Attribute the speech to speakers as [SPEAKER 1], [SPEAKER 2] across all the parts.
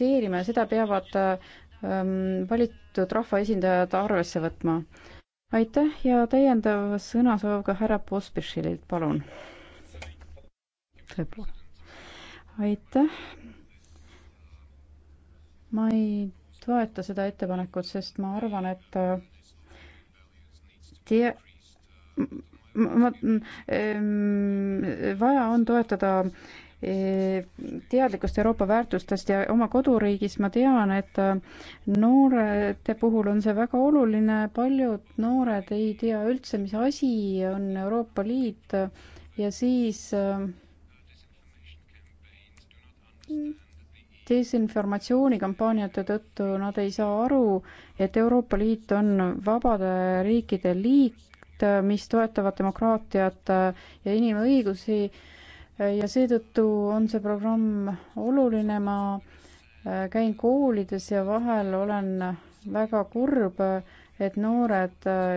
[SPEAKER 1] realiseerima ja seda peavad ähm, valitud rahvaesindajad arvesse võtma. aitäh ja täiendav sõnasoov ka härra Pospišilt, palun. aitäh. ma ei toeta seda ettepanekut, sest ma arvan, et äh, tie-, ma, ma, vaja on toetada äh, teadlikkust Euroopa väärtustest ja oma koduriigis ma tean, et äh, noorte puhul on see väga oluline, paljud noored ei tea üldse, mis asi on Euroopa Liit äh, ja siis äh, desinformatsioonikampaaniate tõttu nad ei saa aru, et Euroopa Liit on vabade riikide liit, mis toetavad demokraatiat ja inimõigusi ja seetõttu on see programm oluline, ma äh, käin koolides ja vahel olen väga kurb, et noored äh,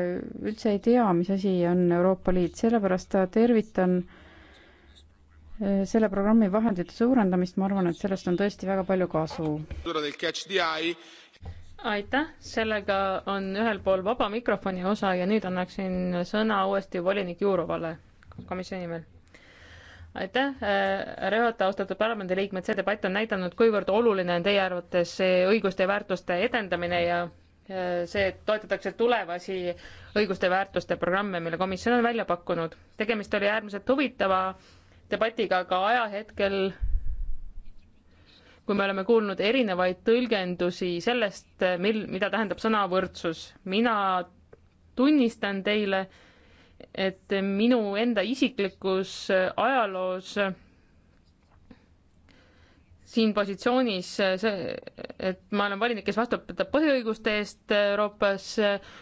[SPEAKER 1] üldse ei tea, mis asi on Euroopa Liit, sellepärast tervitan äh, selle programmi vahendite suurendamist, ma arvan, et sellest on tõesti väga palju kasu.
[SPEAKER 2] aitäh, sellega on ühel pool vaba mikrofoni osa ja nüüd annaksin sõna uuesti volinik Jurovale komisjoni nimel aitäh, äh, härra juhataja, austatud parlamendiliikmed, see debatt on näidanud, kuivõrd oluline on teie arvates see õiguste ja väärtuste edendamine ja äh, see, et toetatakse tulevasi õiguste ja väärtuste programme, mille komisjon on välja pakkunud. tegemist oli äärmiselt huvitava debatiga ka ajahetkel, kui me oleme kuulnud erinevaid tõlgendusi sellest, mil, mida tähendab sõna võrdsus. mina tunnistan teile, et minu enda isiklikus äh, ajaloos äh, siin positsioonis äh, see, et ma olen valinik, kes vastutab põhiõiguste eest Euroopas.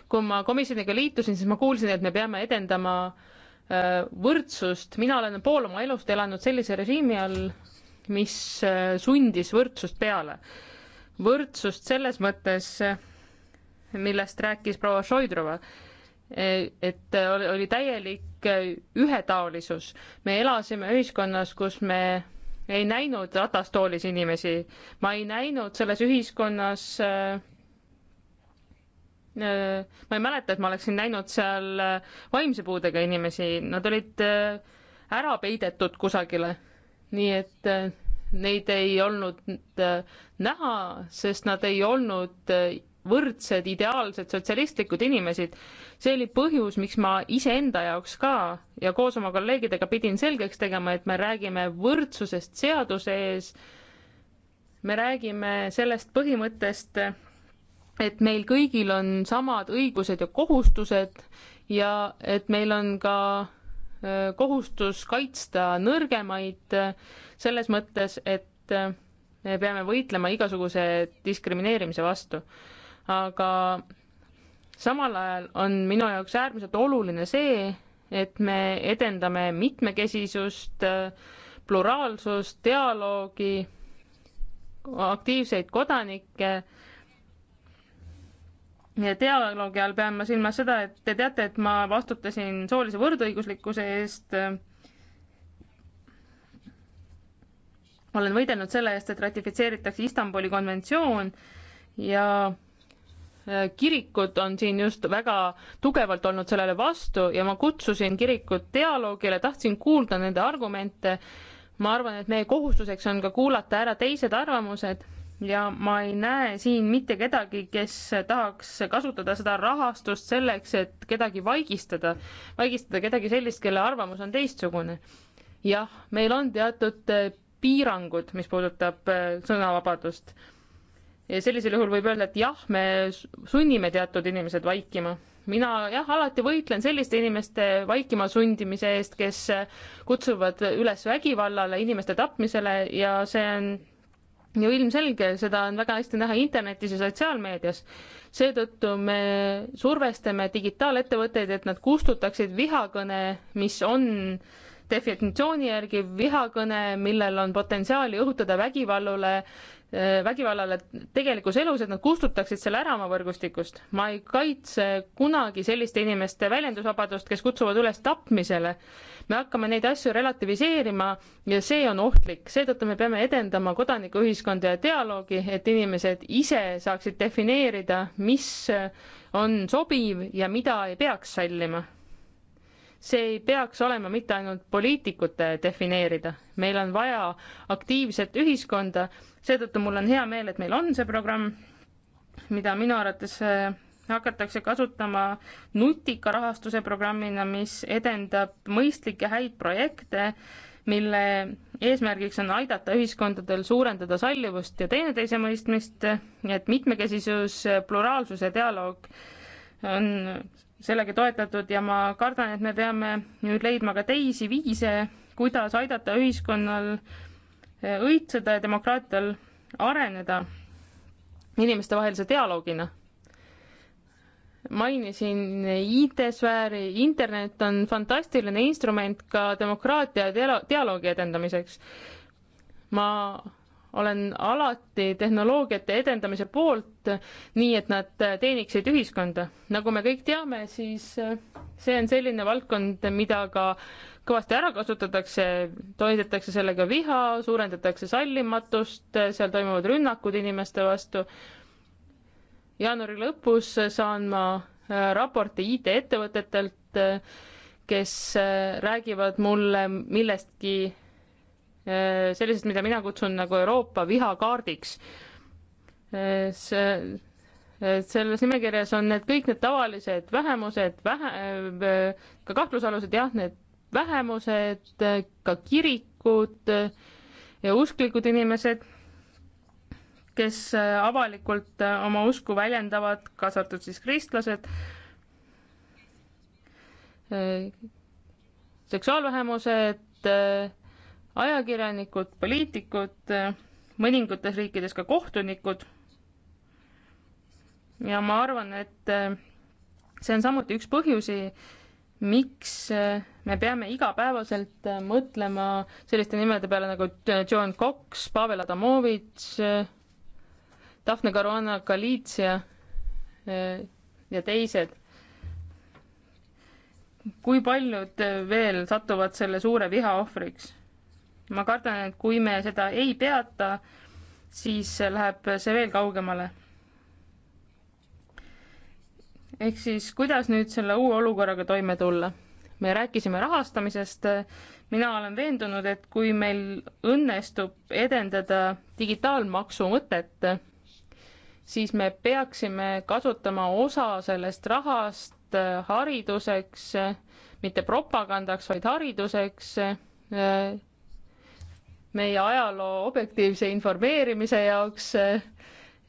[SPEAKER 2] kui ma komisjoniga liitusin, siis ma kuulsin, et me peame edendama võrdsust. mina olen pool oma elust elanud sellise režiimi all, mis sundis võrdsust peale. võrdsust selles mõttes, millest rääkis proua Šoidrova et oli täielik ühetaolisus. me elasime ühiskonnas, kus me ei näinud ratastoolis inimesi, ma ei näinud selles ühiskonnas ma ei mäleta, et ma oleksin näinud seal vaimse puudega inimesi, nad olid ära peidetud kusagile. nii et neid ei olnud näha, sest nad ei olnud võrdsed, ideaalsed, sotsialistlikud inimesed. see oli põhjus, miks ma iseenda jaoks ka ja koos oma kolleegidega pidin selgeks tegema, et me räägime võrdsusest seaduse ees. me räägime sellest põhimõttest, et meil kõigil on samad õigused ja kohustused ja et meil on ka äh, kohustus kaitsta nõrgemaid äh, selles mõttes, et äh, me peame võitlema igasuguse diskrimineerimise vastu aga samal ajal on minu jaoks äärmiselt oluline see, et me edendame mitmekesisust, pluraalsust, dialoogi, aktiivseid kodanikke. dialoogi all pean ma silmas seda, et te teate, et ma vastutasin soolise võrdõiguslikkuse eest. olen võidelnud selle eest, et ratifitseeritakse Istanbuli konventsioon ja Äh, kirikud on siin just väga tugevalt olnud sellele vastu ja ma kutsusin kirikut dialoogile, tahtsin kuulda nende argumente. ma arvan, et meie kohustuseks on ka kuulata ära teised arvamused ja ma ei näe siin mitte kedagi, kes tahaks kasutada seda rahastust selleks, et kedagi vaigistada, vaigistada kedagi sellist, kelle arvamus on teistsugune. jah, meil on teatud äh, piirangud, mis puudutab äh, sõnavabadust ja sellisel juhul võib öelda, et jah, me sunnime teatud inimesed vaikima. mina jah, alati võitlen selliste inimeste vaikima sundimise eest, kes kutsuvad üles vägivallale, inimeste tapmisele ja see on ju ilmselge, seda on väga hästi näha internetis ja sotsiaalmeedias. seetõttu me survestame digitaalettevõtteid, et nad kustutaksid vihakõne, mis on definitsiooni järgi vihakõne, millel on potentsiaali õhutada vägivallule Äh, vägivallale tegelikus elus, et nad kustutaksid selle ära oma võrgustikust. ma ei kaitse kunagi selliste inimeste väljendusvabadust, kes kutsuvad üles tapmisele. me hakkame neid asju relativiseerima ja see on ohtlik, seetõttu me peame edendama kodanikuühiskonda ja dialoogi, et inimesed ise saaksid defineerida, mis on sobiv ja mida ei peaks sallima see ei peaks olema mitte ainult poliitikute defineerida, meil on vaja aktiivset ühiskonda, seetõttu mul on hea meel, et meil on see programm, mida minu arvates äh, hakatakse kasutama nutika rahastuse programmina, mis edendab mõistlikke häid projekte, mille eesmärgiks on aidata ühiskondadel suurendada sallivust ja teineteise mõistmist, et mitmekesisus, pluraalsus ja dialoog on sellega toetatud ja ma kardan, et me peame nüüd leidma ka teisi viise, kuidas aidata ühiskonnal eh, õitseda ja demokraatial areneda inimestevahelise dialoogina. mainisin IT-sfääri, internet on fantastiline instrument ka demokraatia ja dialoogi edendamiseks. ma olen alati tehnoloogiate edendamise poolt, nii et nad teeniksid ühiskonda. nagu me kõik teame, siis see on selline valdkond, mida ka kõvasti ära kasutatakse, toidetakse sellega viha, suurendatakse sallimatust, seal toimuvad rünnakud inimeste vastu. jaanuari lõpus saan ma äh, raporti IT-ettevõtetelt, äh, kes äh, räägivad mulle millestki Eh, sellisest, mida mina kutsun nagu Euroopa vihakaardiks. Eh, see, eh, selles nimekirjas on need kõik need tavalised vähemused, vähe, ka kahtlusalused, jah, need vähemused, ka kirikud ja usklikud inimesed, kes avalikult oma usku väljendavad, kaasa arvatud siis kristlased, seksuaalvähemused, ajakirjanikud, poliitikud, mõningates riikides ka kohtunikud. ja ma arvan, et see on samuti üks põhjusi, miks me peame igapäevaselt mõtlema selliste nimede peale nagu John Cox, Pavel Adamovitš, Daphne Caruana Galizia eh, ja teised. kui paljud veel satuvad selle suure viha ohvriks? ma kardan, et kui me seda ei peata, siis läheb see veel kaugemale. ehk siis, kuidas nüüd selle uue olukorraga toime tulla? me rääkisime rahastamisest, mina olen veendunud, et kui meil õnnestub edendada digitaalmaksu mõtet, siis me peaksime kasutama osa sellest rahast hariduseks, mitte propagandaks, vaid hariduseks meie ajaloo objektiivse informeerimise jaoks,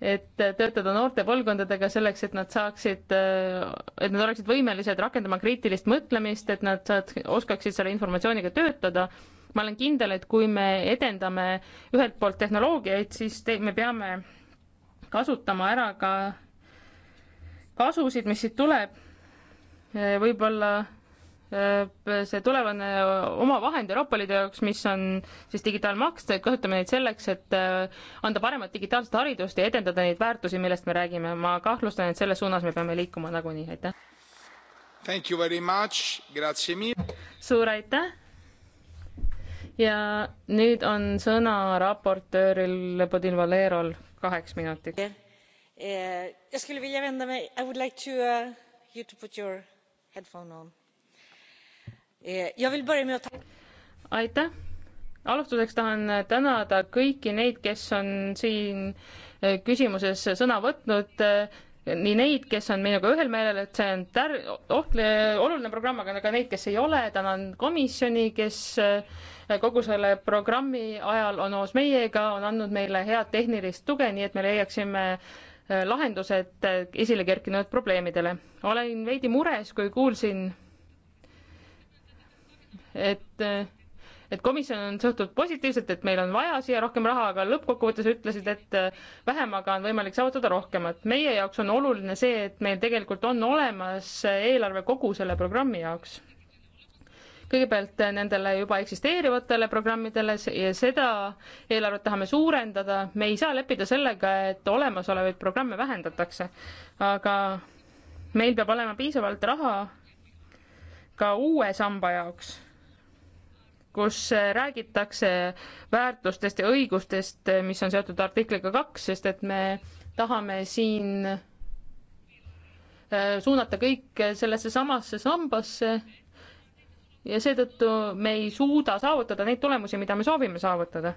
[SPEAKER 2] et töötada noorte põlvkondadega selleks, et nad saaksid, et nad oleksid võimelised rakendama kriitilist mõtlemist, et nad saaks, oskaksid selle informatsiooniga töötada. ma olen kindel, et kui me edendame ühelt poolt tehnoloogiaid, siis te, me peame kasutama ära ka kasusid, mis siit tuleb. võib-olla Äh, see tulevane äh, omavahend Euroopa Liidu jaoks, mis on siis digitaalmaks, kasutame neid selleks, et äh, anda paremat digitaalset haridust ja edendada neid väärtusi, millest me räägime. ma kahtlustan, et selles suunas me peame liikuma nagunii, aitäh. suur aitäh. ja nüüd on sõna raportööril Bodil Valerol kaheks minutiks yeah..
[SPEAKER 1] Eh, jag skulle vilja vända mig, I would like to uh, you to put your headphone on Eh,
[SPEAKER 2] aitäh! alustuseks tahan tänada kõiki neid, kes on siin eh, küsimuses sõna võtnud, eh, nii neid, kes on meiega ühel meelel, et see on tär-, ohtli, oluline programm, aga ka neid, kes ei ole, tänan komisjoni, kes kogu selle programmi ajal on koos meiega, on andnud meile head tehnilist tuge, nii et me leiaksime lahendused esile kerkinud probleemidele. olen veidi mures, kui kuulsin et et komisjon on suhtunud positiivselt, et meil on vaja siia rohkem raha, aga lõppkokkuvõttes ütlesid, et äh, vähemaga on võimalik saavutada rohkemat. meie jaoks on oluline see, et meil tegelikult on olemas eelarve kogu selle programmi jaoks. kõigepealt nendele juba eksisteerivatele programmidele ja seda eelarvet tahame suurendada, me ei saa leppida sellega, et olemasolevaid programme vähendatakse, aga meil peab olema piisavalt raha ka uue samba jaoks kus äh, räägitakse väärtustest ja õigustest, äh, mis on seotud artikliga kaks, sest et me tahame siin äh, suunata kõik sellesse samasse sambasse ja seetõttu me ei suuda saavutada neid tulemusi, mida me soovime saavutada.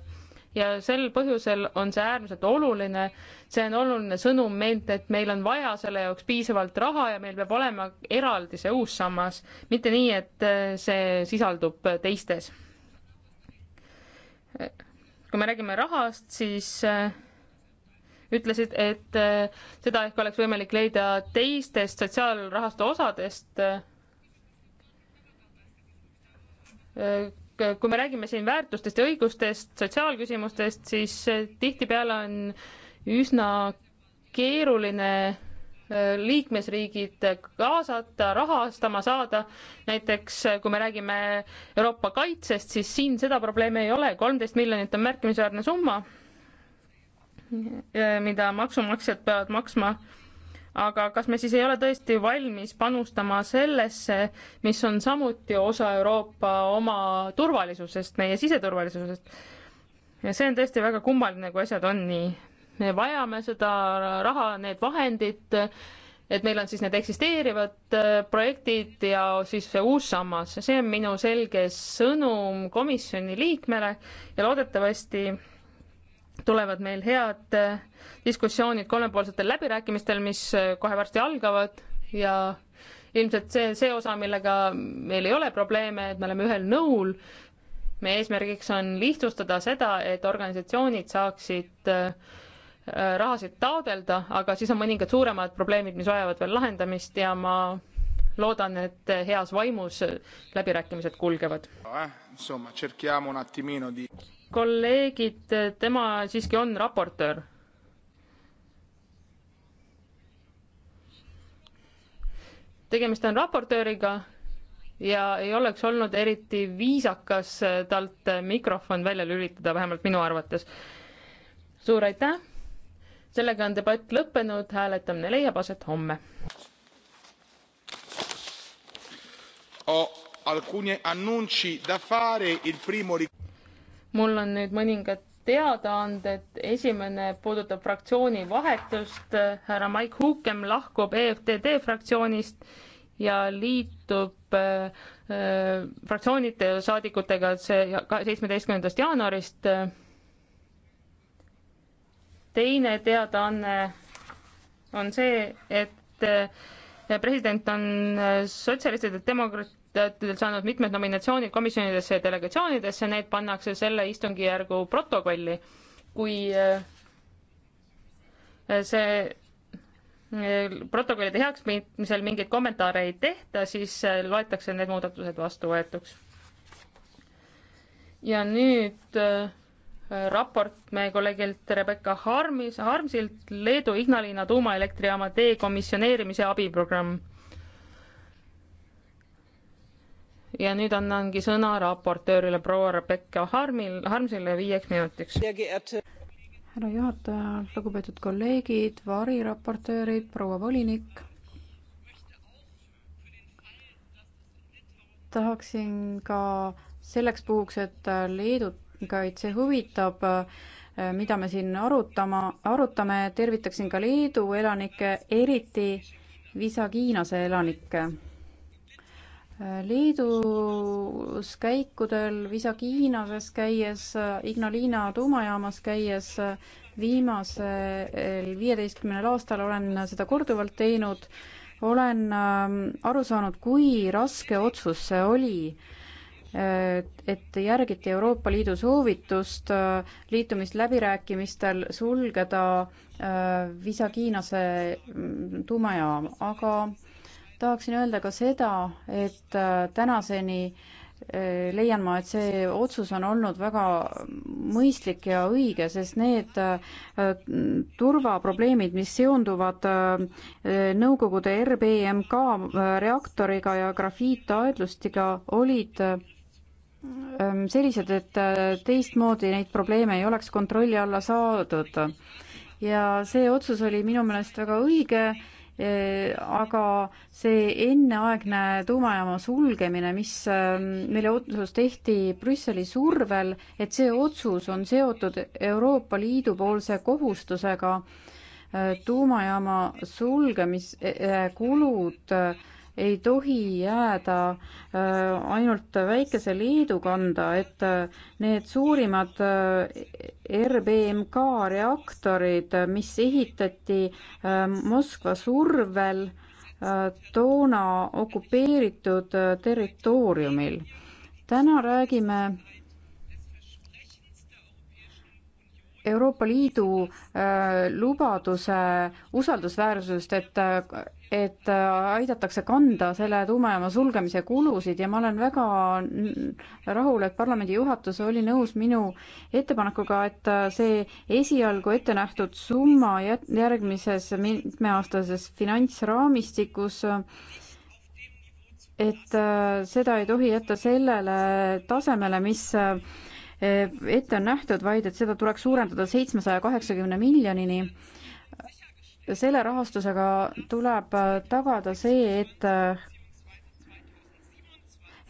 [SPEAKER 2] ja sel põhjusel on see äärmiselt oluline, see on oluline sõnum meilt, et meil on vaja selle jaoks piisavalt raha ja meil peab olema eraldi see uus sammas, mitte nii, et see sisaldub teistes kui me räägime rahast, siis äh, ütlesid, et äh, seda ehk oleks võimalik leida teistest sotsiaalrahastu osadest. Äh, kui me räägime siin väärtustest ja õigustest, sotsiaalküsimustest, siis tihtipeale on üsna keeruline liikmesriigid kaasata, rahastama saada. näiteks kui me räägime Euroopa kaitsest, siis siin seda probleemi ei ole, kolmteist miljonit on märkimisväärne summa, eh, mida maksumaksjad peavad maksma. aga kas me siis ei ole tõesti valmis panustama sellesse, mis on samuti osa Euroopa oma turvalisusest, meie siseturvalisusest? ja see on tõesti väga kummaline, kui asjad on nii me vajame seda raha, need vahendid, et meil on siis need eksisteerivad äh, projektid ja siis see uus sammas. see on minu selge sõnum komisjoni liikmele ja loodetavasti tulevad meil head äh, diskussioonid kolmepoolsetel läbirääkimistel, mis äh, kohe varsti algavad ja ilmselt see, see osa, millega meil ei ole probleeme, et me oleme ühel nõul, meie eesmärgiks on lihtsustada seda, et organisatsioonid saaksid äh, Äh, rahasid taodelda, aga siis on mõningad suuremad probleemid, mis vajavad veel lahendamist ja ma loodan, et heas vaimus läbirääkimised kulgevad.
[SPEAKER 3] kolleegid,
[SPEAKER 2] tema siiski on raportöör. tegemist on raportööriga ja ei oleks olnud eriti viisakas talt mikrofon välja lülitada, vähemalt minu arvates. suur aitäh sellega on debatt lõppenud, hääletamine leiab aset homme. mul on nüüd mõningad teadaanded, esimene puudutab fraktsiooni vahetust, härra Mike Hukem lahkub EFTD fraktsioonist ja liitub äh, äh, fraktsioonide saadikutega see seitsmeteistkümnendast jaanuarist äh, teine teadaanne on see, et äh, president on äh, sotsialistide demokraatidelt saanud mitmed nominatsioonid komisjonidesse ja delegatsioonidesse, need pannakse selle istungjärgu protokolli. kui äh, see protokollide heakskiitmisel mingeid kommentaare ei tehta, siis loetakse need muudatused vastuvõetuks. ja nüüd raport meie kolleegilt Rebecca Harmis, Harmsilt Leedu Ignalina tuumaelektrijaama dekomisjoneerimise abiprogramm. ja nüüd annangi sõna raportöörile proua Rebecca Harmil, Harmsile viieks minutiks.
[SPEAKER 1] härra juhataja, lugupeetud kolleegid, variraportöörid, proua volinik tahaksin ka selleks puhuks, et Leedut kolleegaid, see huvitab, äh, mida me siin arutama, arutame, tervitaksin ka Leedu elanikke, eriti Visagiinase elanikke. Äh, Leedus käikudel, Visagiinases käies, Ignalina tuumajaamas käies viimasel viieteistkümnel aastal olen seda korduvalt teinud olen ähm, aru saanud, kui raske otsus see oli et järgiti Euroopa Liidu soovitust äh, liitumisläbirääkimistel sulgeda äh, Visagiinase mm, tuumajaam, aga tahaksin öelda ka seda, et äh, tänaseni leian ma, et see otsus on olnud väga mõistlik ja õige, sest need turvaprobleemid, mis seonduvad Nõukogude RBMK reaktoriga ja grafiitaedlustiga, olid sellised, et äh, teistmoodi neid probleeme ei oleks kontrolli alla saadud. ja see otsus oli minu meelest väga õige, aga see enneaegne tuumajaama sulgemine, mis, mille otsus tehti Brüsseli survel, et see otsus on seotud Euroopa Liidu poolse kohustusega tuumajaama sulgemise kulud äh, ei tohi jääda äh, ainult väikese Leedu kanda, et äh, need suurimad äh, RBMK reaktorid, mis ehitati Moskva survel toona okupeeritud territooriumil. täna räägime Euroopa Liidu äh, lubaduse usaldusväärsusest, et et äh, aidatakse kanda selle tuumajaama sulgemise kulusid ja ma olen väga rahul, et parlamendi juhatus oli nõus minu ettepanekuga, et äh, see esialgu ette nähtud summa järgmises mitmeaastases finantsraamistikus et seda ei tohi jätta sellele tasemele, mis ette on nähtud, vaid et seda tuleks suurendada seitsmesaja kaheksakümne miljonini. selle rahastusega tuleb tagada see, et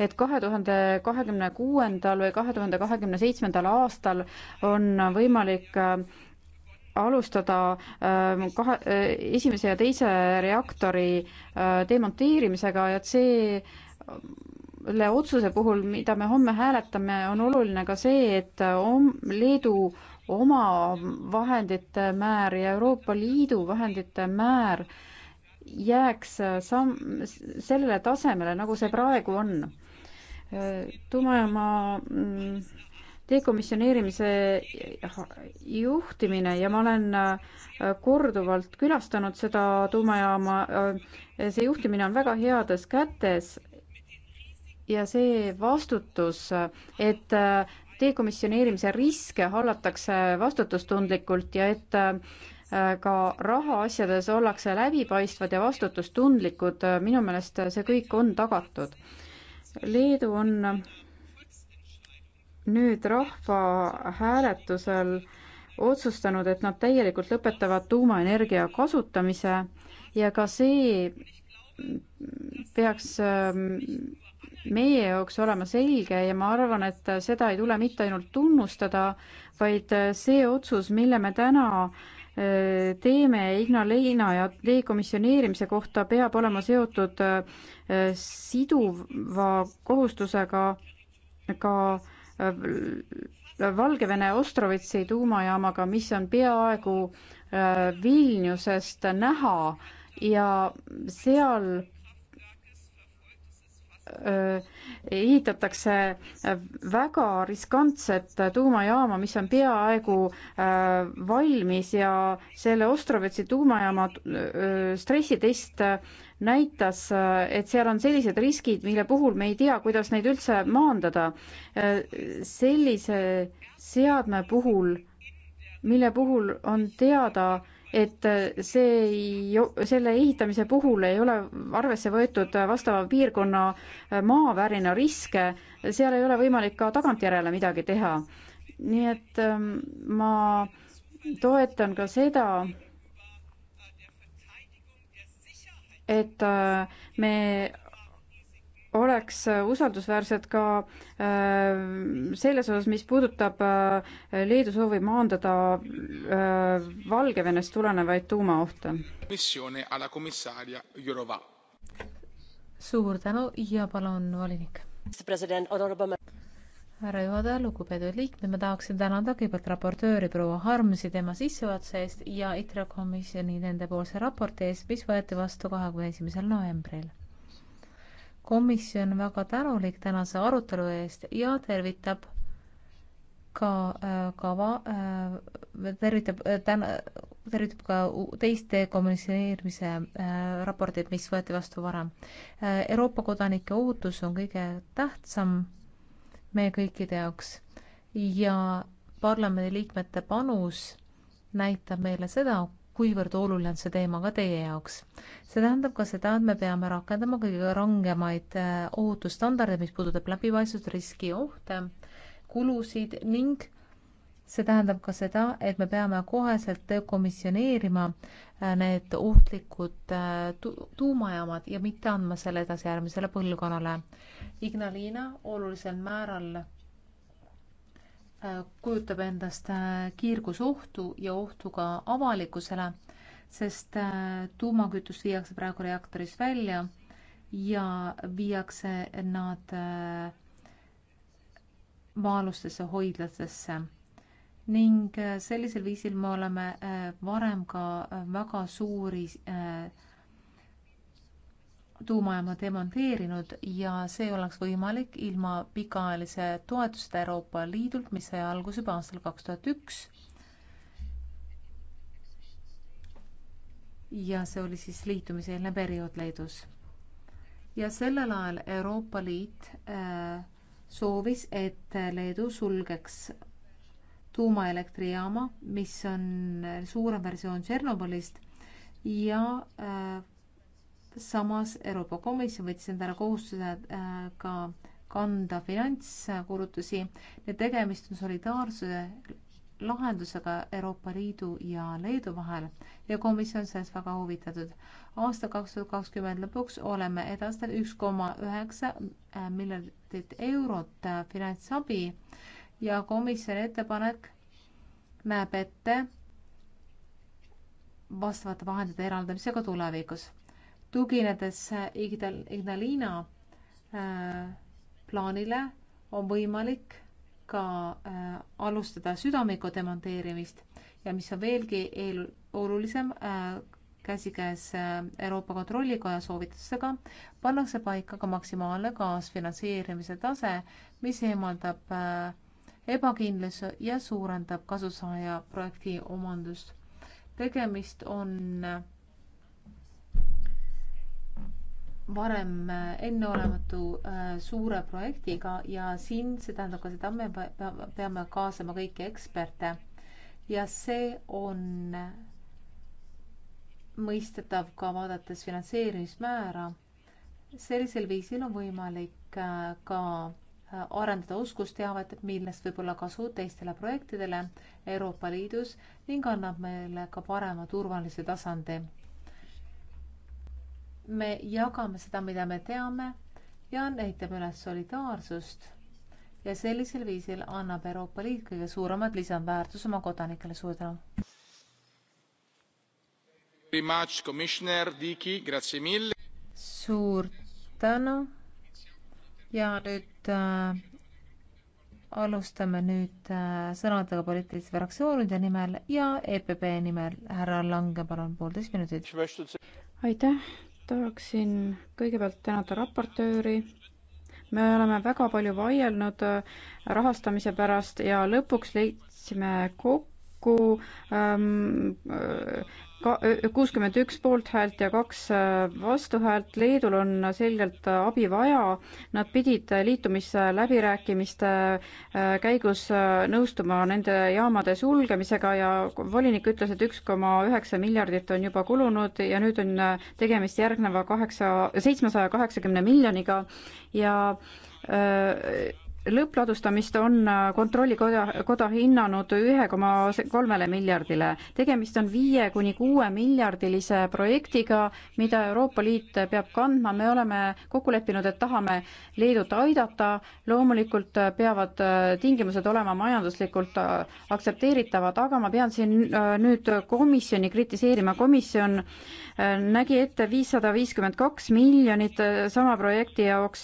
[SPEAKER 1] et kahe tuhande kahekümne kuuendal või kahe tuhande kahekümne seitsmendal aastal on võimalik äh, alustada äh, kahe, äh, esimese ja teise reaktori demonteerimisega ja et see selle otsuse puhul, mida me homme hääletame, on oluline ka see, et om-, Leedu oma vahendite määr ja Euroopa Liidu vahendite määr jääks samm, sellele tasemele, nagu see praegu on. tuumajaama mm, dekomissioneerimise juhtimine ja ma olen korduvalt külastanud seda tuumajaama. see juhtimine on väga heades kätes ja see vastutus, et äh, dekomissioneerimise riske hallatakse vastutustundlikult ja et äh, ka rahaasjades ollakse läbipaistvad ja vastutustundlikud, äh, minu meelest see kõik on tagatud. Leedu on nüüd rahvahääletusel otsustanud, et nad täielikult lõpetavad tuumaenergia kasutamise ja ka see peaks ähm, meie jaoks olema selge ja ma arvan, et seda ei tule mitte ainult tunnustada, vaid see otsus, mille me täna äh, teeme Ignalina ja dekomisjoneerimise kohta, peab olema seotud äh, siduva kohustusega ka äh, Valgevene Ostrovitsi tuumajaamaga, mis on peaaegu Vilniusest näha ja seal ehitatakse väga riskantset tuumajaama, mis on peaaegu valmis ja selle Ostrovetsi tuumajaama stressitest näitas, et seal on sellised riskid, mille puhul me ei tea, kuidas neid üldse maandada. sellise seadme puhul, mille puhul on teada, et äh, see ei, selle ehitamise puhul ei ole arvesse võetud vastava piirkonna äh, maavärina riske, seal ei ole võimalik ka tagantjärele midagi teha. nii et ähm, ma toetan ka seda, et äh, me oleks äh, usaldusväärsed ka äh, selles osas, mis puudutab äh, Leedu soovi maandada Valgevenest tulenevaid tuumaohte. suur tänu ja palun, volinik. härra juhataja, lugupeetud
[SPEAKER 4] liikmed, ma tahaksin tänada kõigepealt raportööri proua Harmsi tema sissejuhatuse eest ja ITRA komisjoni nendepoolse raporti eest, mis võeti vastu kahekümne esimesel novembril komisjon väga tänulik tänase arutelu eest ja tervitab ka äh, kava, äh, tervitab äh, täna, tervitab ka teiste kommuniseerimise raporteid, mis võeti vastu varem. Euroopa kodanike ootus on kõige tähtsam meie kõikide jaoks ja parlamendiliikmete panus näitab meile seda, kuivõrd oluline on see teema ka teie jaoks. see tähendab ka seda, et me peame rakendama kõige rangemaid äh, ohutusstandardeid, mis puudutab läbipaistvust, riski, ohte, kulusid ning see tähendab ka seda, et me peame koheselt komisjoneerima äh, need ohtlikud äh, tu tuumajaamad ja mitte andma selle edasi järgmisele põlvkonnale. Ignalina olulisel määral kujutab endast äh, kiirgusohtu ja ohtu ka avalikkusele, sest äh, tuumakütus viiakse praegu reaktorist välja ja viiakse nad äh, maa-alustesse hoidlatesse. ning sellisel viisil me oleme varem ka väga suuri äh, tuumajaama demonteerinud ja see oleks võimalik ilma pikaajalise toetuseta Euroopa Liidult, mis sai alguse juba aastal kaks tuhat üks. ja see oli siis liitumiseelne periood Leedus. ja sellel ajal Euroopa Liit äh, soovis, et Leedu sulgeks tuumaelektrijaama, mis on suurem versioon Tšernobõlist ja äh, samas Euroopa Komisjon võttis endale kohustuse äh, ka kanda finantskulutusi ja tegemist on solidaarsuse lahendusega Euroopa Liidu ja Leedu vahel ja komisjon sellest väga huvitatud. aasta kaks tuhat kakskümmend lõpuks oleme edastanud üks koma üheksa äh, miljardit eurot äh, finantsabi ja komisjoni ettepanek näeb ette vastavate vahendite eraldamisega tulevikus tuginedes Ignalina äh, plaanile on võimalik ka äh, alustada südamiku demonteerimist ja mis on veelgi eel, olulisem, äh, käsikäes Euroopa Kontrollikoja soovitustega pannakse paika ka maksimaalne kaasfinantseerimise tase, mis eemaldab ebakindluse ja suurendab kasusaaja projekti omandust. tegemist on varem äh, enneolematu äh, suure projektiga ja siin see tähendab ka seda, me peame kaasama kõiki eksperte ja see on mõistetav ka vaadates finantseerimismäära. sellisel viisil on võimalik äh, ka arendada oskusteavet, millest võib olla kasu teistele projektidele Euroopa Liidus ning annab meile ka parema turvalise tasandi me jagame seda, mida me teame ja näitame üles solidaarsust ja sellisel viisil annab Euroopa Liit kõige suuremat lisandväärtus oma kodanikele. suur tänu. suur tänu ja nüüd äh, alustame nüüd äh, sõnadega poliitiliste fraktsioonide nimel ja EPP nimel härra Lange,
[SPEAKER 1] palun poolteist minutit. aitäh tahaksin kõigepealt tänada raportööri. me oleme väga palju vaielnud äh, rahastamise pärast ja lõpuks leidsime kokku kokku ähm, äh, kuuskümmend üks poolthäält ja kaks äh, vastuhäält. Leedul on selgelt äh, abi vaja. Nad pidid äh, liitumisläbirääkimiste käigus nõustuma nende jaamade sulgemisega ja volinik ütles, et üks koma üheksa miljardit on juba kulunud ja nüüd on tegemist järgneva kaheksa, seitsmesaja kaheksakümne miljoniga ja öö, lõppladustamist on äh, Kontrollikoda, koda hinnanud ühe koma kolmele miljardile. tegemist on viie kuni kuue miljardilise projektiga, mida Euroopa Liit peab kandma, me oleme kokku leppinud, et tahame Leedut aidata, loomulikult peavad äh, tingimused olema majanduslikult äh, aktsepteeritavad, aga ma pean siin nüüd komisjoni kritiseerima, komisjon nägi ette viissada viiskümmend kaks miljonit sama projekti jaoks,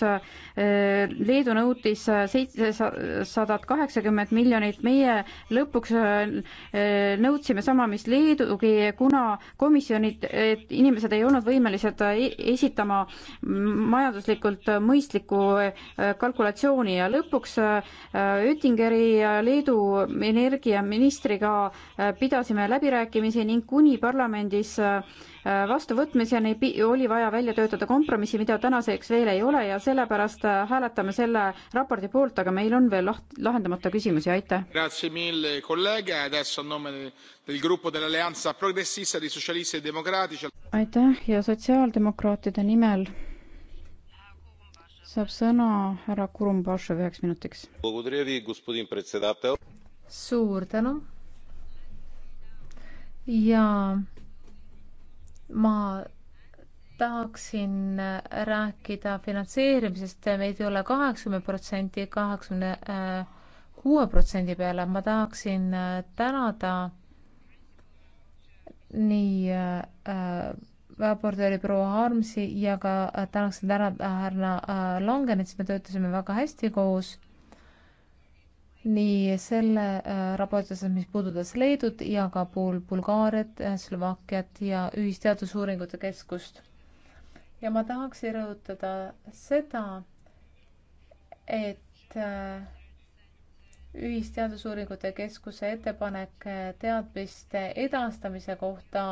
[SPEAKER 1] Leedu nõutis seitsesadat kaheksakümmend miljonit, meie lõpuks äh, nõudsime sama, mis Leedugi, kuna komisjonid, et inimesed ei olnud võimelised äh, esitama majanduslikult mõistlikku äh, kalkulatsiooni ja lõpuks Oettingeri ja Leedu energiaministriga pidasime läbirääkimisi ning kuni parlamendis Äh, vastuvõtmiseni oli vaja välja töötada kompromissi, mida tänaseks veel ei ole ja sellepärast äh, hääletame selle raporti poolt, aga meil on veel laht-, lahendamata küsimusi, aitäh. E aitäh ja sotsiaaldemokraatide nimel saab sõna härra Kurumbašev üheks minutiks. suur tänu ja
[SPEAKER 4] ma tahaksin rääkida finantseerimisest, meid ei ole kaheksakümmend protsenti, kaheksakümne kuue protsendi peale, ma tahaksin äh, tänada nii äh, raportööri äh, proua Harmsi ja ka äh, tänaksin tänada härra äh, Langenit, siis me töötasime väga hästi koos nii selle äh, raporti osas, mis puudutas Leedut ja ka pool Bulgaariat, äh, Slovakkiat ja Ühisteadusuuringute Keskust. ja ma tahaksin rõhutada seda, et äh, Ühisteadusuuringute Keskuse ettepanek teadmiste edastamise kohta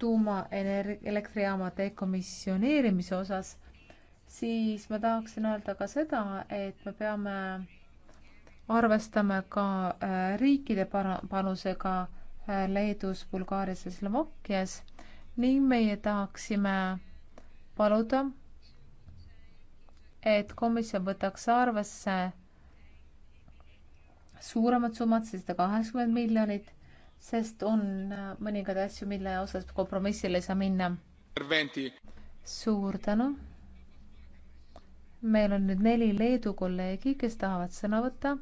[SPEAKER 4] tuumaelektrijaamade komisjoneerimise osas siis ma tahaksin öelda ka seda, et me peame arvestama ka äh, riikide panusega äh, Leedus, Bulgaarias ja Slovakkias ning meie tahaksime paluda, et komisjon võtaks arvesse suuremad summad, seitsesada kaheksakümmend miljonit, sest on äh, mõningaid asju, mille osas kompromissile ei saa minna. suur tänu meil on nüüd neli Leedu kolleegi, kes tahavad sõna võtta.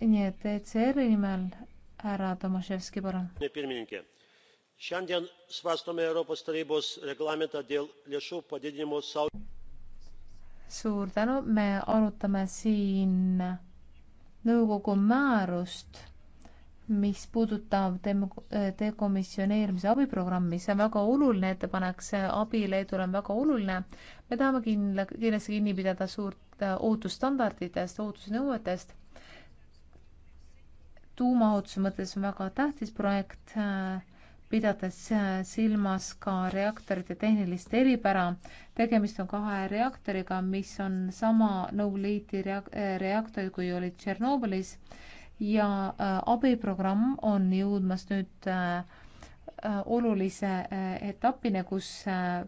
[SPEAKER 4] nii et ECR-i nimel härra Tomaševski, palun. suur tänu, me arutame siin nõukogu määrust mis puudutab dekomisjoneerimise abiprogrammi, see on väga oluline ettepanek, see abi Leedule on väga oluline. me tahame kindla, kindlasti kinni pidada suurt äh, ohutusstandarditest, ohutusnõuetest. tuumaohutuse mõttes on väga tähtis projekt, äh, pidades äh, silmas ka reaktorite tehnilist eripära. tegemist on kahe reaktoriga, mis on sama Nowliti reak-, reaktor, kui oli Tšernobõlis ja äh, abiprogramm on jõudmas nüüd äh, äh, olulise etapini, kus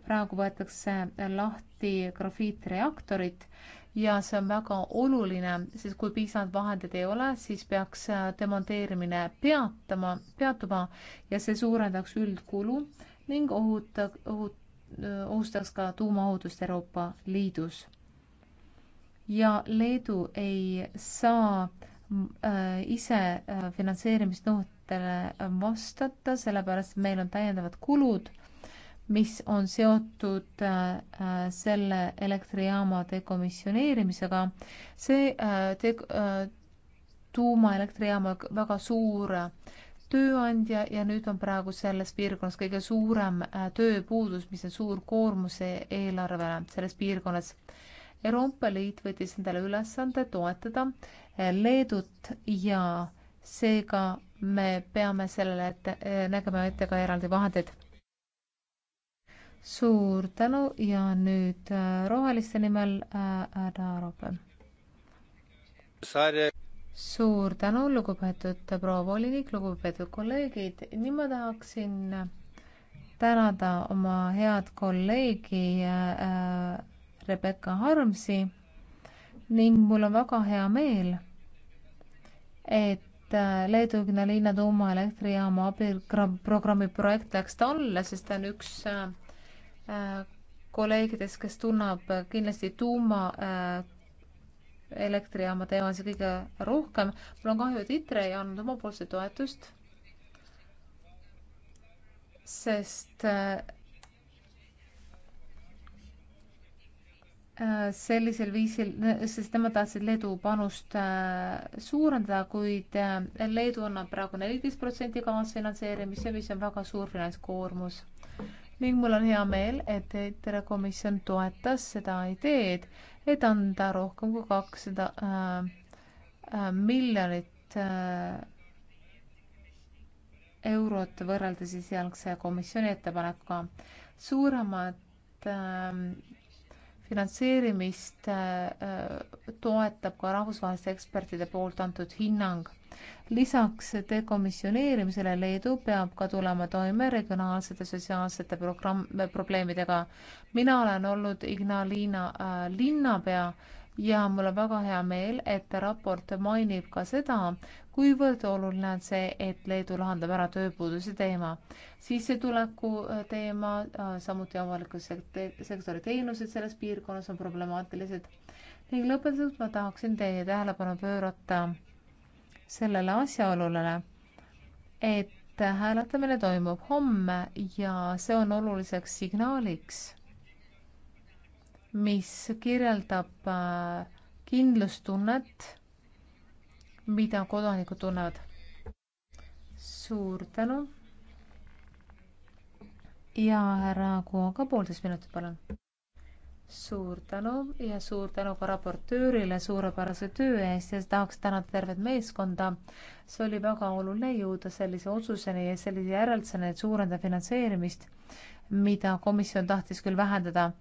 [SPEAKER 4] praegu võetakse lahti grafiitreaktorid ja see on väga oluline, sest kui piisavalt vahendeid ei ole, siis peaks demonteerimine peatama, peatuma ja see suurendaks üldkulu ning ohuta, ohut-, ohustaks ka tuumaohutust Euroopa Liidus. ja Leedu ei saa äh, Äh, ise äh, finantseerimisnõuetele äh, vastata, sellepärast et meil on täiendavad kulud, mis on seotud selle elektrijaama dekomisjoneerimisega. see de-, tuumaelektrijaam on väga suur tööandja ja nüüd on praegu selles piirkonnas kõige suurem tööpuudus, mis on suur koormus e-, eelarvele selles piirkonnas. Euroopa Liit võttis endale ülesande toetada Leedut ja seega me peame sellele ette, eh, nägema ette ka eraldi vahendeid. suur tänu ja nüüd eh, roheliste nimel eh, härra Roopel. suur tänu, lugupeetud proua volinik, lugupeetud kolleegid, nüüd ma tahaksin tänada oma head kolleegi äh, Rebecca Harmsi ning mul on väga hea meel, et äh, Leedu Ignalina tuumaelektrijaama abiprogrammi projekt läks talle, sest ta on üks äh, äh, kolleegidest, kes tunneb kindlasti tuumaelektrijaama teemasid kõige rohkem. mul on kahju, et ITRE ei andnud omapoolset toetust, sest sellisel viisil, sest nemad tahtsid Leedu panust äh, suurendada, kuid äh, Leedu annab praegu neliteist protsenti kaasfinantseerimisse, mis on väga suur finantskoormus. ning mul on hea meel, et ETRE komisjon toetas seda ideed, et anda rohkem kui kakssada äh, miljonit eurot võrreldes esialgse komisjoni ettepanekuga. suuremad finantseerimist äh, äh, toetab ka rahvusvaheliste ekspertide poolt antud hinnang. lisaks dekomisjoneerimisele Leedu peab ka tulema toime regionaalsete sotsiaalsete programm, probleemidega. mina olen olnud Ignalina äh, linnapea ja mul on väga hea meel, et raport mainib ka seda, kuivõrd oluline on see, et Leedu lahendab ära tööpuuduse teema, sissetuleku äh, teema, äh, samuti avaliku sektori teenused selles piirkonnas on problemaatilised. ning lõpetuseks ma tahaksin teie tähelepanu pöörata sellele asjaolule, et hääletamine toimub homme ja see on oluliseks signaaliks mis kirjeldab äh, kindlustunnet, mida kodanikud tunnevad. suur tänu. ja härra Kuoga poolteist minutit, palun. suur tänu ja suur tänu ka raportöörile suurepärase töö eest ja tahaks tänada tervet meeskonda. see oli väga oluline jõuda sellise otsuseni ja sellise järelduseni, et suurendada finantseerimist, mida komisjon tahtis küll vähendada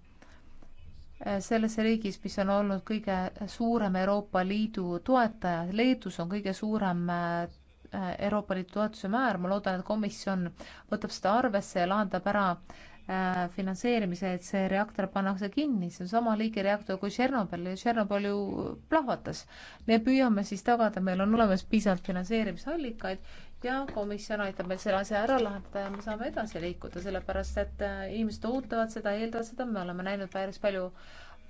[SPEAKER 4] Äh, selles riigis, mis on olnud kõige suurem Euroopa Liidu toetaja, Leedus on kõige suurem äh, Euroopa Liidu toetuse määr, ma loodan, et komisjon võtab seda arvesse ja lahendab ära äh, finantseerimise, et see reaktor pannakse kinni, see on sama liigi reaktor kui Tšernobõl ja Tšernobõl ju plahvatas. me püüame siis tagada, meil on olemas piisavalt finantseerimisallikaid ja komisjon aitab meil selle asja ära lahendada ja me saame edasi liikuda, sellepärast et äh, inimesed ootavad seda, eeldavad seda, me oleme näinud päris palju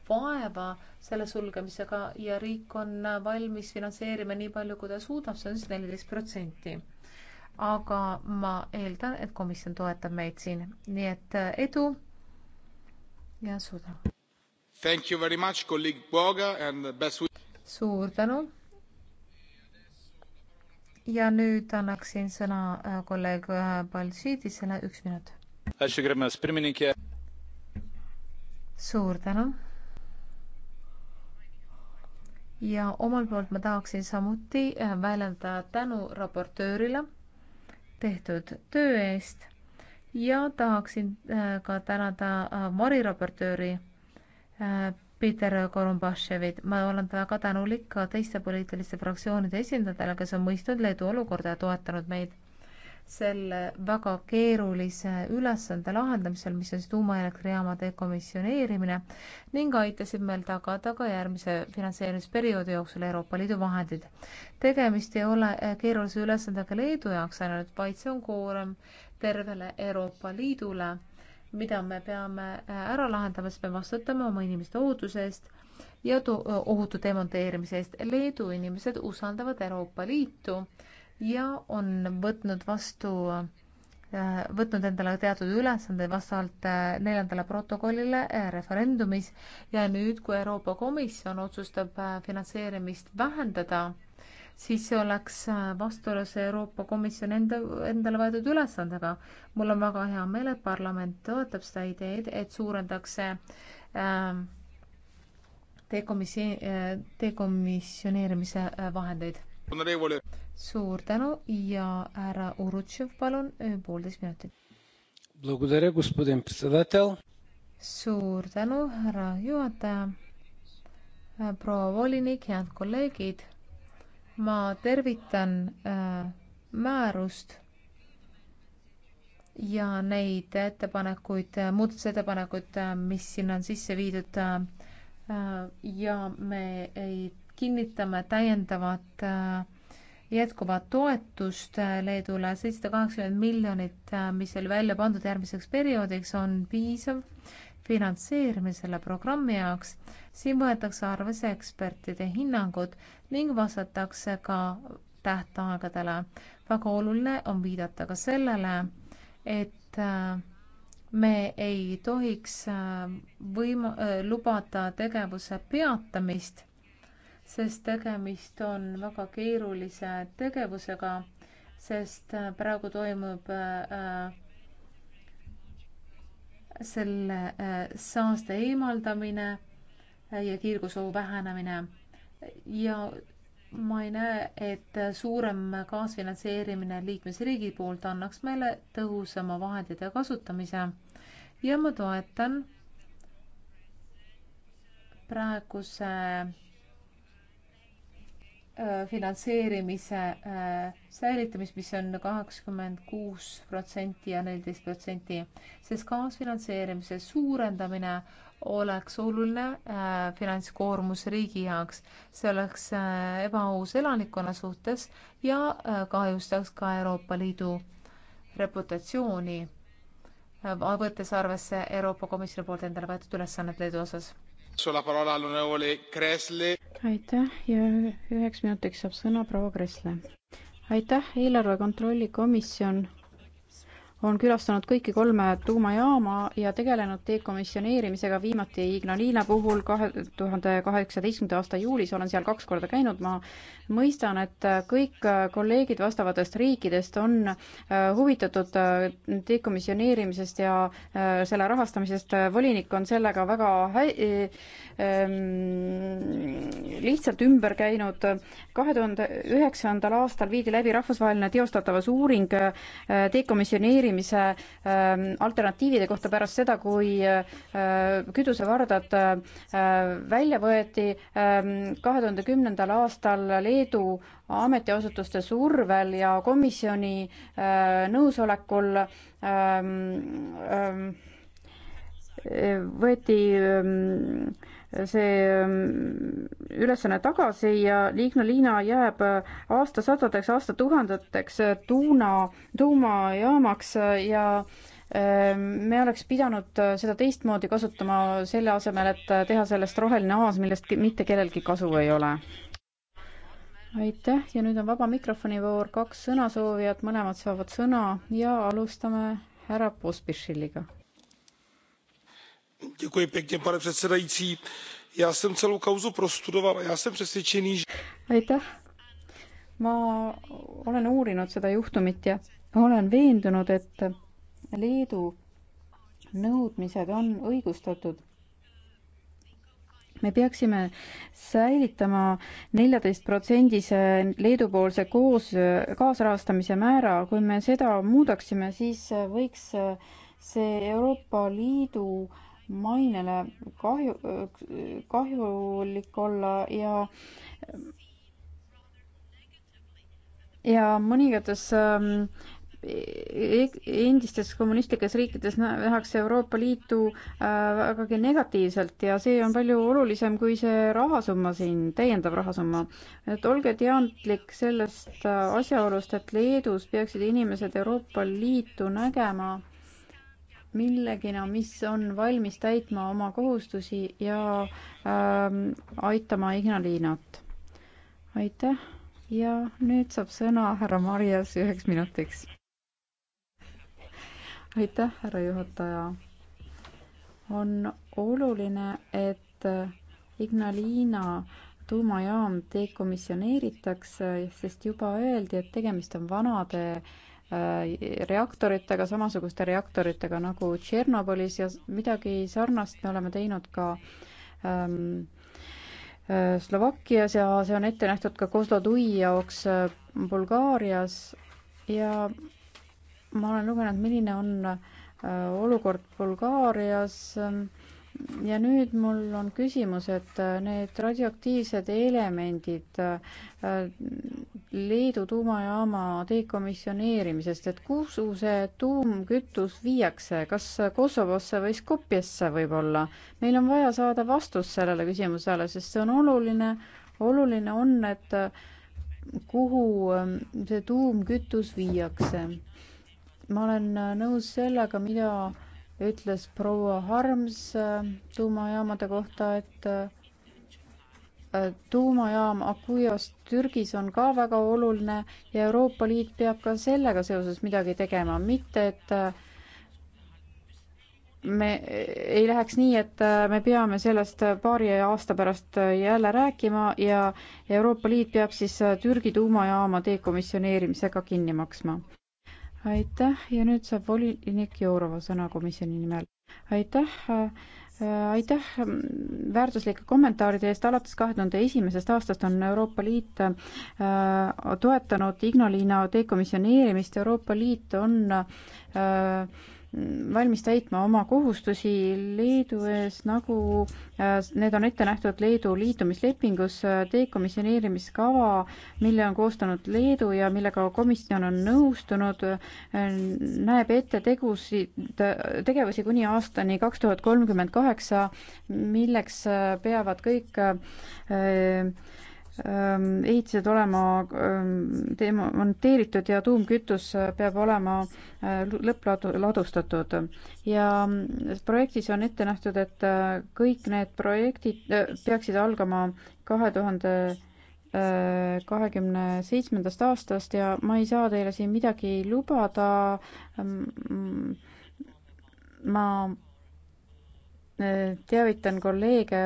[SPEAKER 4] vaeva selle sulgemisega ja riik on äh, valmis finantseerima nii palju, kui ta suudab, see on siis neliteist protsenti. aga ma eeldan, et komisjon toetab meid siin, nii et äh, edu ja suur tänu. suur tänu ja nüüd annaksin sõna äh, kolleeg äh, Baltšiidisele, üks minut. suur tänu. ja omalt poolt ma tahaksin samuti äh, väljendada tänu raportöörile tehtud töö eest ja tahaksin ka tänada variraportööri Peter Korumbaševit. ma olen väga tänulik ka teiste poliitiliste fraktsioonide esindajatele, kes on mõistnud Leedu olukorda ja toetanud meid selle väga keerulise ülesande lahendamisel, mis on siis tuumaelektrijaama dekomisjoneerimine ning aitasid meil tagada ka järgmise finantseerimisperioodi jooksul Euroopa Liidu vahendid. tegemist ei ole eh, keerulise ülesandega Leedu jaoks ainult, vaid see on koorem tervele Euroopa Liidule mida me peame äh, ära lahendama, siis me vastutame oma inimeste ohutuse eest ja äh, ohutu demonteerimise eest. Leedu inimesed usaldavad Euroopa Liitu ja on võtnud vastu, äh, võtnud endale teatud ülesanded vastavalt neljandale protokollile referendumis ja nüüd, kui Euroopa Komisjon otsustab finantseerimist vähendada, siis see oleks äh, vastuolus Euroopa Komisjoni enda, endale võetud ülesandega. mul on väga hea meel, et parlament toetab seda ideed, et suurendakse äh, dekomissi- äh,, dekomissioneerimise äh, vahendeid. suur tänu ja härra Urutšev, palun, äh, poolteist minutit. suur tänu, härra juhataja äh, proua volinik, head kolleegid ma tervitan äh, määrust ja neid ettepanekuid, äh, muudatusettepanekuid, äh, mis sinna on sisse viidud äh, äh,. ja me ei, kinnitame täiendavat äh, jätkuvat toetust äh, Leedule, seitsesada kaheksakümmend miljonit, äh, mis oli välja pandud järgmiseks perioodiks, on piisav finantseerimisele programmi jaoks. siin võetakse arvesse ekspertide hinnangud ning vastatakse ka tähtaegadele. väga oluline on viidata ka sellele, et äh, me ei tohiks võima-, lubada tegevuse peatamist sest tegemist on väga keerulise tegevusega, sest praegu toimub äh, selle äh, saaste eemaldamine äh, ja kiirgusohu vähenemine ja ma ei näe, et suurem kaasfinantseerimine liikmesriigi poolt annaks meile tõhusama vahendite kasutamise ja ma toetan praeguse äh, Äh, finantseerimise äh, säilitamist, mis on kaheksakümmend kuus protsenti ja neliteist protsenti, sest kaasfinantseerimise suurendamine oleks oluline äh, finantskoormus riigi jaoks. see oleks äh, ebaaus elanikkonna suhtes ja äh, kahjustaks ka Euroopa Liidu reputatsiooni äh,, võttes arvesse Euroopa Komisjoni poolt endale
[SPEAKER 1] võetud ülesannet Leedu osas aitäh ja üheks minutiks saab sõna proua Kressle. aitäh, eelarve kontrolli komisjon on külastanud kõiki kolme tuumajaama ja tegelenud dekomisjoneerimisega viimati Ignalina puhul kahe tuhande kaheksateistkümnenda aasta juulis, olen seal kaks korda käinud, ma mõistan, et kõik kolleegid vastavatest riikidest on äh, huvitatud äh, dekomisjoneerimisest ja äh, selle rahastamisest, volinik on sellega väga hä-, ähm, lihtsalt ümber käinud, kahe tuhande üheksandal aastal viidi läbi rahvusvaheline teostatavas uuring dekomisjoneerimisest, renoveerimise ähm, alternatiivide kohta pärast seda, kui äh, kütusevardad äh, välja võeti ähm, kahe tuhande kümnendal aastal Leedu ametiasutuste survel ja komisjoni äh, nõusolekul ähm, võeti see ähm, ülesanne tagasi ja Liigna liina jääb äh, aastasadadeks, aastatuhandeteks äh, tuuna, tuumajaamaks äh, ja ähm, me oleks pidanud seda teistmoodi kasutama selle asemel, et teha sellest roheline aas, millest mitte kellelgi kasu ei ole. aitäh ja nüüd on vaba mikrofoni voor, kaks sõnasoovijat, mõlemad saavad sõna ja alustame härra Pospišiliga
[SPEAKER 3] pane předsedající já jsem celou kauzu prostudoval a já jsem přesvědčený že.
[SPEAKER 1] aitäh ma olen uurinud seda juhtumit ja olen veendunud et leedu nõudmised on õigustatud me peaksime säilitama neljateistprotsendise Leedu-poolse koos, kaasrahastamise määra, kui me seda muudaksime, siis võiks see Euroopa Liidu äh, mainele kahju, kahjulik olla ja ja mõningates ähm, endistes kommunistlikes riikides nähakse Euroopa Liitu äh, vägagi negatiivselt ja see on palju olulisem kui see rahasumma siin, täiendav rahasumma. et olge teadlik sellest äh, asjaolust, et Leedus peaksid inimesed Euroopa Liitu nägema millegina, mis on valmis täitma oma kohustusi ja ähm, aitama Ignalinat. aitäh ja nüüd saab sõna härra Marjas üheks minutiks. aitäh, härra juhataja. on oluline, et Ignalina tuumajaam dekomisjoneeritakse, sest juba öeldi, et tegemist on vanade äh, Äh, reaktoritega, samasuguste reaktoritega nagu Tšernobõlis ja midagi sarnast me oleme teinud ka ähm, äh, Slovakkias ja see on ette nähtud ka Kozlodui jaoks äh, Bulgaarias ja ma olen lugenud, milline on olukord Bulgaarias äh, ja nüüd mul on küsimus, et äh, need radioaktiivsed elemendid äh, Leedu tuumajaama dekomisjoneerimisest, et kuhu see tuumkütus viiakse, kas Kosovosse või Skopjesse võib-olla? meil on vaja saada vastus sellele küsimusele, sest see on oluline, oluline on, et äh, kuhu ähm, see tuumkütus viiakse. ma olen nõus sellega, mida ütles proua Harms äh, tuumajaamade kohta, et äh, äh, tuumajaam Akuyos Türgis on ka väga oluline ja Euroopa Liit peab ka sellega seoses midagi tegema, mitte et me ei läheks nii, et me peame sellest paari aasta pärast jälle rääkima ja Euroopa Liit peab siis Türgi tuumajaama dekomissioneerimisega kinni maksma aitäh ja nüüd saab volinik Jourova sõna komisjoni nimel. aitäh, äh, aitäh mm, väärtuslike kommentaaride eest, alates kahe tuhande esimesest aastast on Euroopa Liit äh, toetanud Ignalina dekomisjoneerimist, Euroopa Liit on äh, valmis täitma oma kohustusi Leedu ees, nagu äh, need on ette nähtud Leedu liitumislepingus, äh, dekomisjoneerimiskava, mille on koostanud Leedu ja millega komisjon on nõustunud, äh, näeb ette tegusid, tegevusi kuni aastani kaks tuhat kolmkümmend kaheksa, milleks peavad kõik äh, Ehm, ehitised olema demonteeritud ehm, ja tuumkütus äh, peab olema äh, lõppladustatud. ja mm, projektis on ette nähtud, et äh, kõik need projektid peaksid algama kahe tuhande kahekümne seitsmendast aastast ja ma ei saa teile siin midagi lubada. Mm, mm, ma teavitan kolleege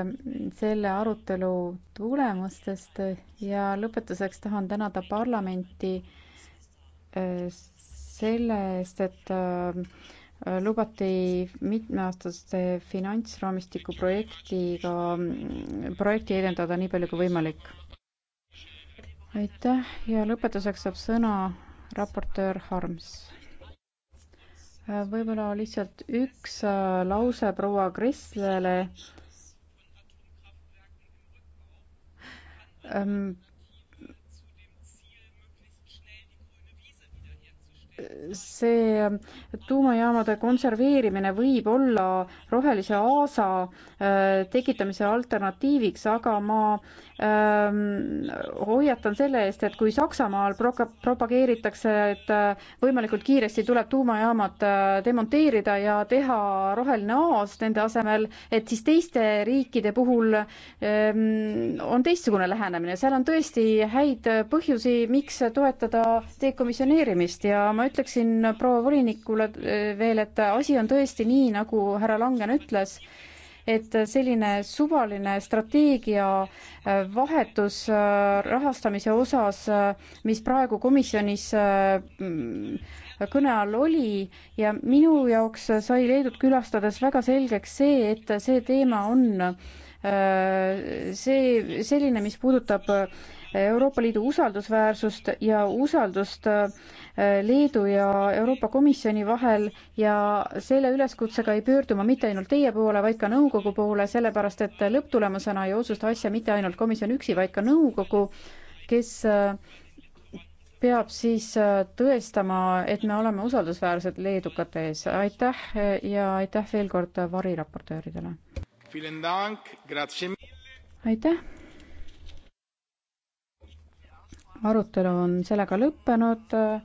[SPEAKER 1] selle arutelu tulemustest ja lõpetuseks tahan tänada parlamenti äh, selle eest, et äh, lubati mitmeaastaste finantsraamistiku projektiga, projekti edendada nii palju kui võimalik. aitäh ja lõpetuseks saab sõna raportöör Harms võib-olla lihtsalt üks äh, lause proua Kresslele. Ähm, see tuumajaamade konserveerimine võib olla rohelise aasa äh, tekitamise alternatiiviks, aga ma ähm, hoiatan selle eest, et kui Saksamaal pro-, propageeritakse, et äh, võimalikult kiiresti tuleb tuumajaamad äh, demonteerida ja teha roheline aas nende asemel, et siis teiste riikide puhul ähm, on teistsugune lähenemine, seal on tõesti häid põhjusi, miks toetada dekomisjoneerimist ja ma ütleksin proua volinikule eh, veel, et asi on tõesti nii, nagu härra Langen ütles, et selline suvaline strateegia eh, vahetus eh, rahastamise osas, mis praegu komisjonis kõne all oli ja minu jaoks sai Leedut külastades väga selgeks see, et see teema on Äh, see, selline, mis puudutab äh, Euroopa Liidu usaldusväärsust ja usaldust äh, Leedu ja Euroopa Komisjoni vahel ja selle üleskutsega ei pöördu ma mitte ainult teie poole, vaid ka nõukogu poole, sellepärast et lõpptulemusena ei otsusta asja mitte ainult komisjon üksi, vaid ka nõukogu, kes peab siis tõestama, et me oleme usaldusväärsed leedukate ees. aitäh ja aitäh veel kord variraportööridele
[SPEAKER 3] aitäh.
[SPEAKER 1] arutelu on sellega lõppenud. Äh,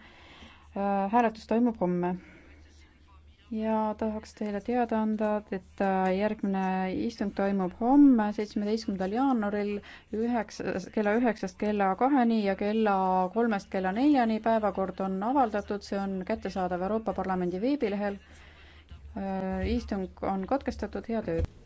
[SPEAKER 1] hääletus toimub homme. ja tahaks teile teada anda, et äh, järgmine istung toimub homme, seitsmeteistkümnendal jaanuaril üheksas, kella üheksast kella kaheni ja kella kolmest kella neljani. päevakord on avaldatud, see on kättesaadav Euroopa Parlamendi veebilehel. Äh, istung on katkestatud, head ööd.